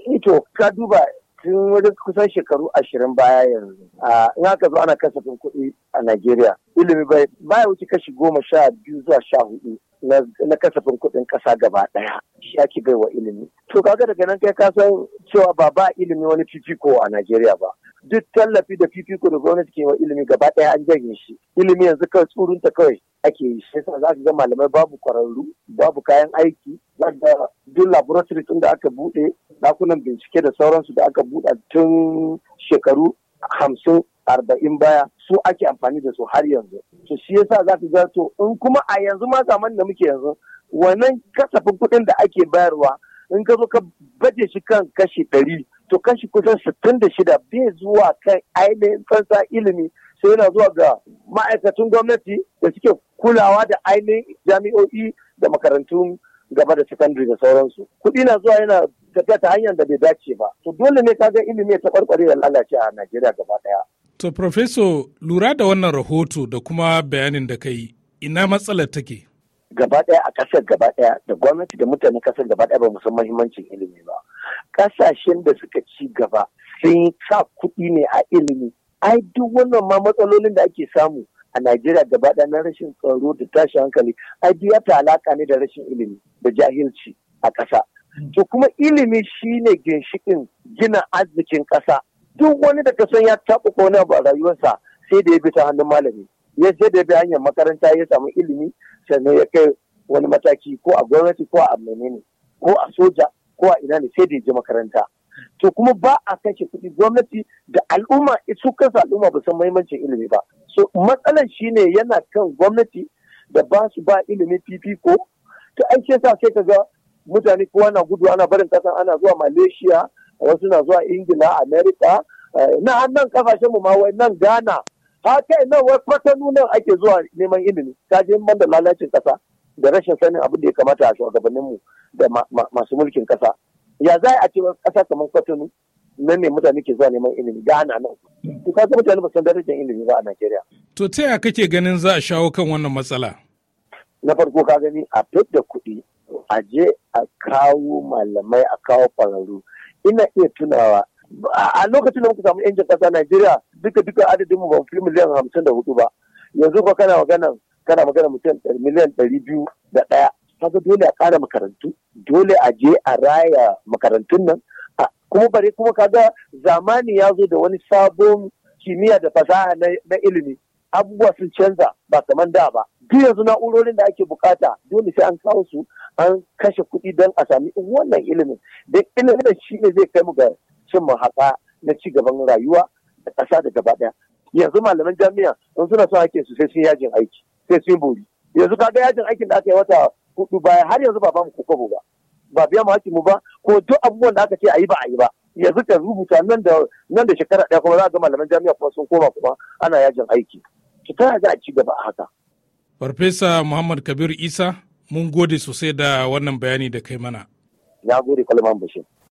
ito eh, ka duba tun wani kusan shekaru ashirin baya yanzu in aka zo ana kasafin kuɗi a Najeriya ilimi bai baya wuce kashi goma sha biyu zuwa sha hudu na kasafin kuɗin ƙasa gaba ɗaya shi ake bai wa ilimi to kaga daga nan kai ka san cewa ba ba ilimi wani fifiko a Najeriya ba duk tallafi da fifiko da gwamnati ke wa ilimi gaba ɗaya an janye shi ilimi yanzu kawai tsurunta kawai ake yi shi yasa za ka ga malamai babu kwararru babu kayan aiki za duk tun da aka buɗe ɗakunan bincike da sauransu da aka buɗe tun shekaru hamsin arba'in baya su ake amfani da su har yanzu to shi yasa za ka ga to in kuma a yanzu ma zaman da muke yanzu wannan kasafin kuɗin da ake bayarwa in ka zo ka baje shi kan kashi ɗari to kashi kusan sittin da shida bai zuwa kan ainihin fansa ilimi sai yana zuwa ga ma'aikatan gwamnati da suke kulawa da ainihin jami'o'i da makarantun gaba da secondary da sauransu kuɗi na zuwa yana tafiya ta hanyar da bai dace ba to dole ne ka ga ilimi ta kwarkware da lalace a Najeriya gaba daya to professor lura da wannan rahoto da kuma bayanin da kai ina matsalar take gaba daya a ƙasar gaba daya da gwamnati da mutane ƙasar gaba daya ba mu san muhimmancin ilimi ba ƙasashen da suka ci gaba sun sa kuɗi ne a ilimi ai duk wannan ma matsalolin da ake samu a Najeriya gaba ɗaya na rashin tsaro da tashin hankali ai biya ta alaka ne da rashin ilimi da jahilci a ƙasa. To kuma ilimi shine ginshiƙin gina arzikin ƙasa. Duk wani da ka san ya taɓa wani abu a rayuwarsa sai da ya bi ta hannun malami. Ya je da ya bi hanyar makaranta ya samu ilimi sannan ya kai wani mataki ko a gwamnati ko a menene ko a soja ko a ina ne sai da ya je makaranta. to kuma ba a kashe kuɗi gwamnati da al'umma su kansu al'umma ba san mahimmancin ilimi ba so matsalar shine yana kan gwamnati da ba su ba ilimi fifiko ta aike sa sai ka ga mutane kowa na gudu ana barin kasa ana zuwa malaysia wasu na zuwa ingila america eh, na hannun kasashen mu ma wai nan ghana haka ina wai kwatanu nan ake zuwa neman ilimi ta je man da lalacin kasa da rashin sanin abin da ya kamata a shugabanninmu da masu mulkin kasa ya za a ce ƙasa kamar kwatano nan ne mutane ke zuwa neman ilimi gana nan to ka ga mutane ba san darajar ilimi ba a Najeriya to ta yaya kake ganin za a shawo kan wannan matsala na farko ka gani a da kuɗi a je a kawo malamai a kawo kwararru ina iya tunawa a lokacin da muka samu yancin ƙasa Najeriya duka duka adadin mu ba mu fi miliyan hamsin da hudu ba yanzu ba kana magana kana magana mutum miliyan ɗari biyu da ɗaya kaga dole a ƙara makarantu dole a je a raya makarantun nan kuma bare kuma kaga zamani ya zo da wani sabon kimiyya da fasaha na ilimi abubuwa sun canza ba kamar da ba duk yanzu na'urorin da ake bukata dole sai an kawo su an kashe kuɗi don a sami wannan ilimin da ilimin da shi ne zai kai mu ga cin haka na ci gaban rayuwa da ƙasa da gaba ɗaya yanzu malaman jami'a in suna son ake su sai sun yajin aiki sai sun bori yanzu kaga yajin aikin da aka yi wata hudu ba har yanzu ba ba mu kokobo ba ba biya mu mu ba ko duk abubuwan da aka ce a yi ba a ba yanzu ta rubuta nan da nan da shekara ɗaya kuma za ga malaman jami'a kuma sun koma kuma ana yajin aiki ki ta za a ci gaba a haka. Farfesa Muhammad Kabir Isa mun gode sosai da wannan bayani da kai mana. ya gode Kalman Bashir.